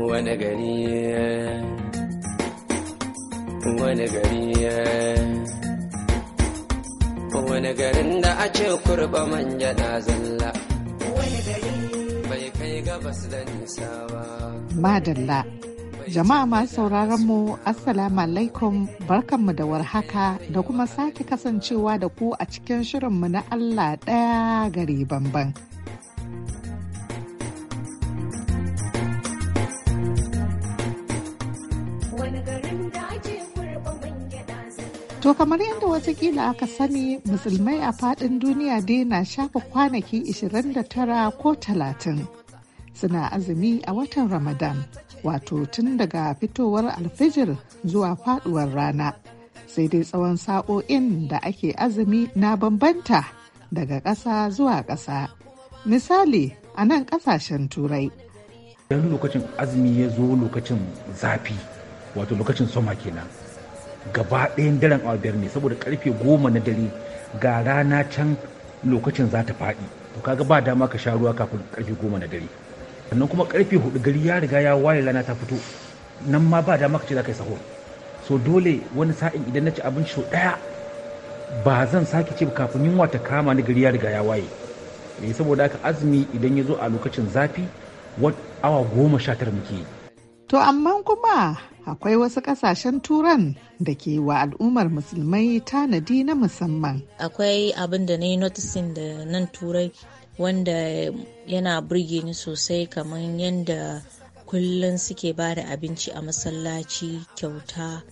wani gari wani gari wani garin da a ce kurba manja na zalla bai kai gabas da nisa ba madalla jama'a masu sauraron mu assalamu alaikum barkanmu da warhaka da kuma sake kasancewa da ku a cikin shirinmu na allah ɗaya gari bamban. To kamar yadda watakila aka sani musulmai a faɗin duniya dai na shafa kwanaki 29 ko 30 suna azumi a watan Ramadan wato tun daga fitowar alfijir zuwa faduwar rana sai dai tsawon sa'o'in da ake azumi na bambanta daga ƙasa zuwa ƙasa. Misali a nan ƙasashen turai. Idan lokacin azumi ya zo lokacin zafi wato lokacin soma kenan. gaba ɗayan daren awa biyar ne saboda karfe goma na dare ga rana can lokacin za ta faɗi to kaga ba dama ka sha ruwa kafin karfe goma na dare sannan kuma karfe hudu gari ya riga ya waye rana ta fito nan ma ba dama ka ce za ka yi sahur so dole wani sa'in idan na ci abinci sau ɗaya ba zan sake ce kafin yunwa ta kama ni gari ya riga ya waye me eh, saboda haka azumi idan ya zo a lokacin zafi awa goma sha tara muke to amma kuma akwai wasu kasashen turan da ke wa al'ummar musulmai tanadi na musamman akwai abin da na yi noticing da nan turai wanda yana burge ni sosai kamar yadda kullum suke ba da abinci a masallaci kyauta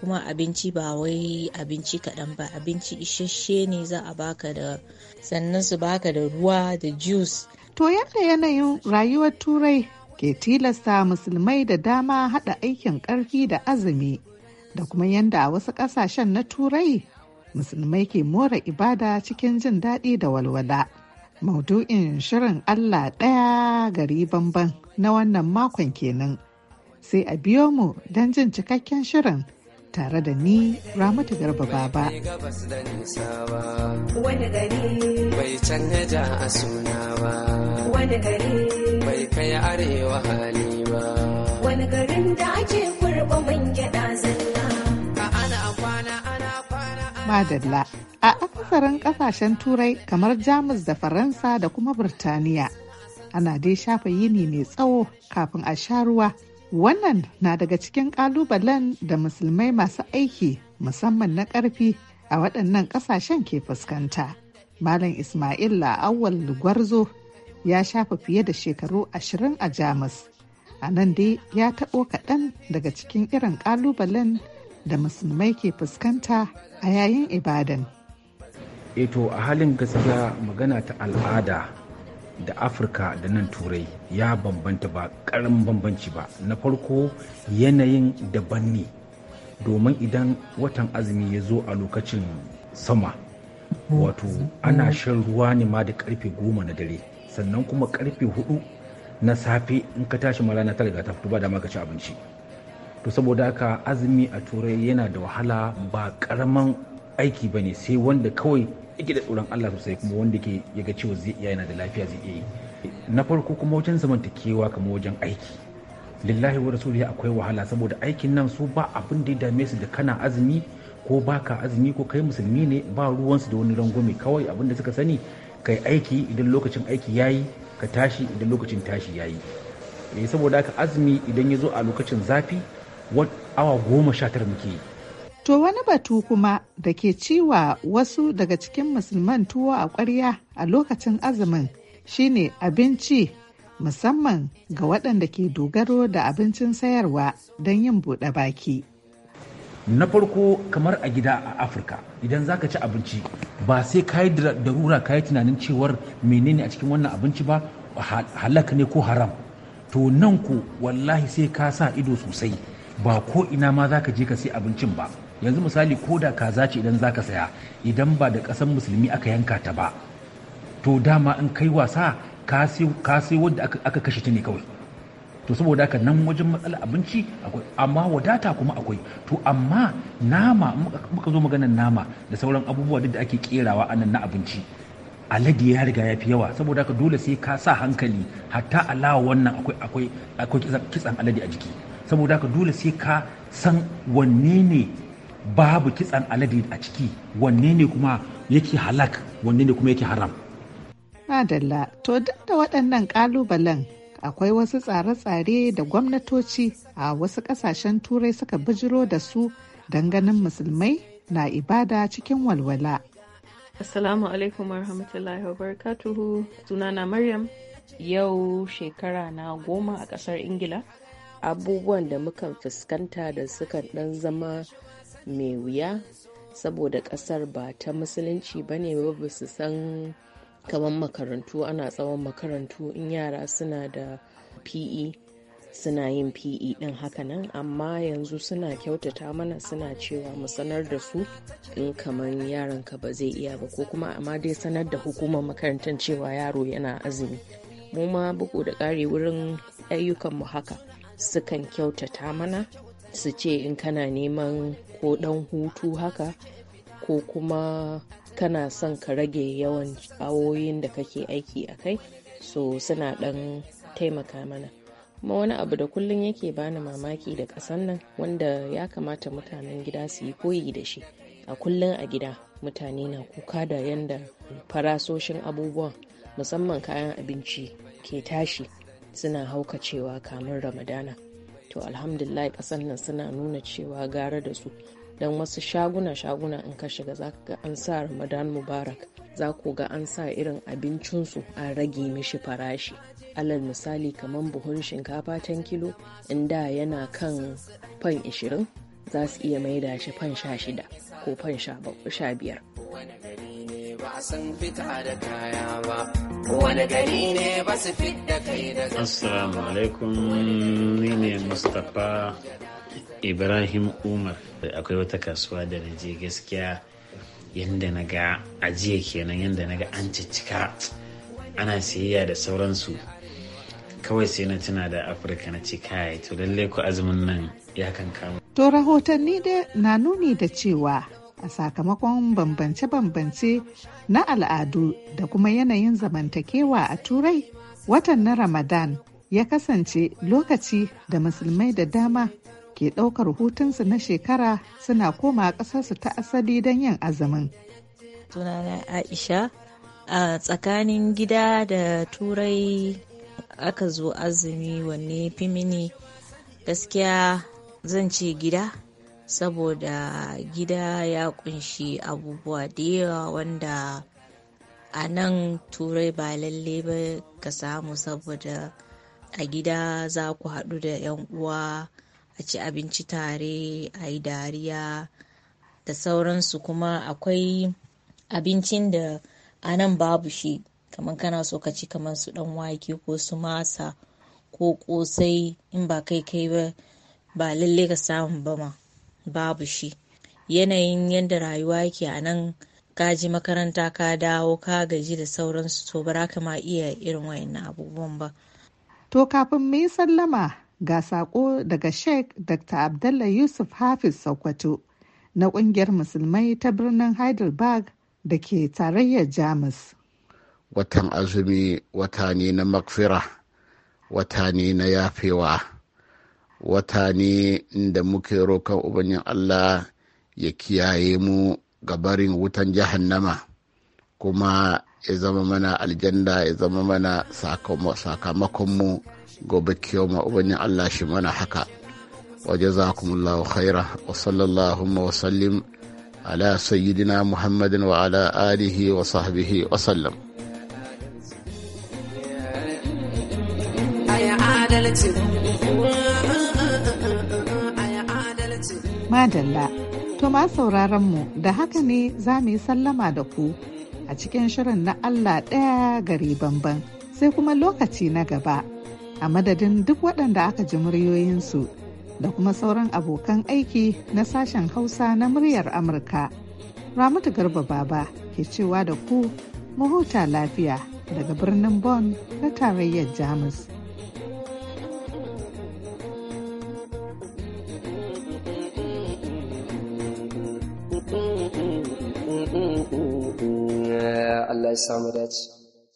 kuma abinci ba wai abinci kaɗan ba abinci isasshe ne za a baka da sannan su baka da ruwa da juice to yadda yanayin rayuwar turai ke tilasta musulmai da dama haɗa aikin ƙarfi da azumi da kuma yanda a wasu ƙasashen na turai musulmai ke more ibada cikin jin daɗi da walwala. Maudu'in shirin Allah ɗaya gari banban na wannan makon kenan. Sai a biyo mu don jin cikakken shirin tare da ni Ramatu Garba Baba. Wani gari bai canja a suna ba wani gari bai kai arewa hali ba wani garin da ake kurba man gyaɗa zalla a ana kwana ana kwana madalla a akasarin kasashen turai kamar jamus da faransa da kuma birtaniya ana dai shafa yini mai tsawo kafin a sha ruwa wannan na daga cikin ƙalubalen da musulmai masu aiki musamman na ƙarfi a waɗannan ƙasashen ke fuskanta. Malam Ismail Awal Gwarzo ya shafa fiye da shekaru ashirin a Jamus. A nan dai ya taɓo kaɗan daga cikin irin ƙalubalen da musulmai ke fuskanta a yayin ibadan. Eto eh a halin gaskiya magana ta al'ada da Afirka da nan turai ya bambanta ba ƙaramin bambanci ba. Na farko yanayin daban ne domin idan watan azumi ya zo a lokacin sama wato ana shan ruwa ne ma da karfe goma na dare sannan kuma karfe hudu na safe in ka tashi ma rana ta riga ta fito ba da ka ci abinci to saboda haka azumi a turai yana da wahala ba karaman aiki ba ne sai wanda kawai yake da tsoron Allah sosai kuma wanda ke ya ga cewa zai iya yana da lafiya zai iya yi na farko kuma wajen zamantakewa kamar wajen aiki lillahi wa rasuliya akwai wahala saboda aikin nan su ba abin da ya dame su da kana azumi ko ba ka azumi ko kai musulmi ne ba ruwansu da wani rangwame kawai abin da suka sani kai aiki idan lokacin aiki ya yi, ka tashi idan lokacin tashi yayi E, saboda haka azumi idan ya zo a lokacin zafi awa goma sha tara muke yi To wani batu kuma da ke ciwa wasu daga cikin musulman tuwo a kwarya a lokacin azumin shine abinci musamman ga waɗanda ke dogaro da abincin sayarwa don yin buɗe baki. na farko kamar a gida a afirka idan za ka ci abinci ba sai ka yi darura ka yi tunanin cewar menene a cikin wannan abinci ba halaka ne ko haram to nan ku, wallahi sai ka sa ido sosai ba ko ina ma za ka je ka sai abincin ba yanzu misali ko da kaza ce idan za ka saya idan ba da ƙasan musulmi aka yanka ta ba to dama in kai wasa ka sai wadda aka kashe ta ne kawai to saboda haka nan wajen matsala abinci akwai amma wadata kuma akwai to amma nama muka zo maganar nama da sauran abubuwa duk da ake kerawa anan na abinci alade ya riga ya fi yawa saboda haka dole sai ka sa hankali hatta alawa wannan akwai akwai akwai kitsan alade a jiki saboda haka dole sai ka san wanne ne babu kitsan alade a ciki wanne ne kuma yake halak wanne ne kuma yake haram Adalla, to duk da waɗannan ƙalubalen akwai wasu tsare-tsare da gwamnatoci a wasu ƙasashen turai suka bijiro da su don ganin musulmai na ibada cikin walwala. Assalamu alaikum warahmatullahi wabarakatuhu sunana Maryam yau shekara na goma a ƙasar Ingila. Abubuwan da mukan fuskanta da sukan ɗan zama mai wuya saboda ƙasar ba ta musulunci ba ne ba su san kamar makarantu ana tsawon makarantu in yara suna da pe suna yin pe din nan amma yanzu suna kyautata mana suna cewa mu sanar da su in kamar yaranka ba zai iya ba ko kuma amma dai sanar da hukumar makarantar cewa yaro yana azumi mu ma bugu da ƙari wurin ayyukan mu haka sukan kyautata mana su ce in kana neman ko ɗan hutu haka ko kuma kana son ka rage yawan awoyin da kake aiki a kai so suna ɗan taimaka mana kuma wani abu da kullum yake bani mamaki da ƙasan nan wanda ya kamata mutanen gida su yi koyi da shi a kullum a gida mutane na kuka da yanda farasoshin abubuwan musamman kayan abinci ke tashi suna haukacewa kamun ramadana to alhamdulillah ƙasan nan suna nuna cewa gara da su don wasu shaguna-shaguna in ka shiga za ga an sa ramadan mubarak za ku ga an sa irin abincinsu an rage mishi farashi alal misali kamar buhun shinkafa can kilo in da yana kan fan 20 za su iya maida shi fan 16 ko fan 15 assalamu alaikum ni mustapha ibrahim umar akwai wata kasuwa da na je gaskiya yadda na ga ajiya kenan yadda na ga an cika. ana siyayya da sauransu kawai sai na tuna da afirka na ce kai to lallai ku azumin nan ya kan kama. to rahotanni da na nuni da cewa a sakamakon bambance-bambance na al'adu da kuma yanayin zamantakewa a turai watan na ramadan ya kasance lokaci da musulmai da dama ke ɗaukar hutunsu na shekara suna koma ƙasarsu ta asali don yin azumin. Sunana Aisha a tsakanin gida da turai aka zo azumi wanne fimini gaskiya zan ce gida saboda gida ya kunshi abubuwa da yawa wanda a nan turai ba lalle ba ka samu saboda a gida za ku haɗu da 'yan uwa a ci abinci tare a yi dariya da sauransu kuma akwai abincin da a nan babu shi kamar kana so ka ci kamar su dan wake ko su masa ko kosai in ba kai kai ba ba lalle ka samu ba ma babu shi yanayin yadda rayuwa yake a nan ka ji makaranta ka dawo ka gaji da sauransu to ba ka ma iya irin wayannan abubuwan ba to kafin mu yi sallama ga sako daga sheikh dr abdallah yusuf hafiz sokoto na ƙungiyar musulmai ta birnin heidelberg da ke tarayyar jamus watan azumi wata ne na makfira wata ne na yafewa wata ne da muke rokan ubangin allah ya kiyaye mu gabarin wutan jahannama kuma ya zama mana aljanda ya zama mana sakamakonmu gobe kiyoma ubangin Allah shi mana haka wa jazakumullahu khaira wa sallallahu wa sallim ala sayyidina muhammadin wa ala alihi wa sahbihi wa sallam madalla to ma sauraron mu da haka ne za mu yi sallama da ku a cikin shirin na Allah ɗaya gari bamban sai kuma lokaci na gaba a madadin duk waɗanda aka ji muryoyinsu da kuma sauran abokan aiki na sashen hausa na muryar amurka ramatu garba baba ke cewa da ku mahuta lafiya daga birnin Bon na tarayyar jamus Allah ya samu dace.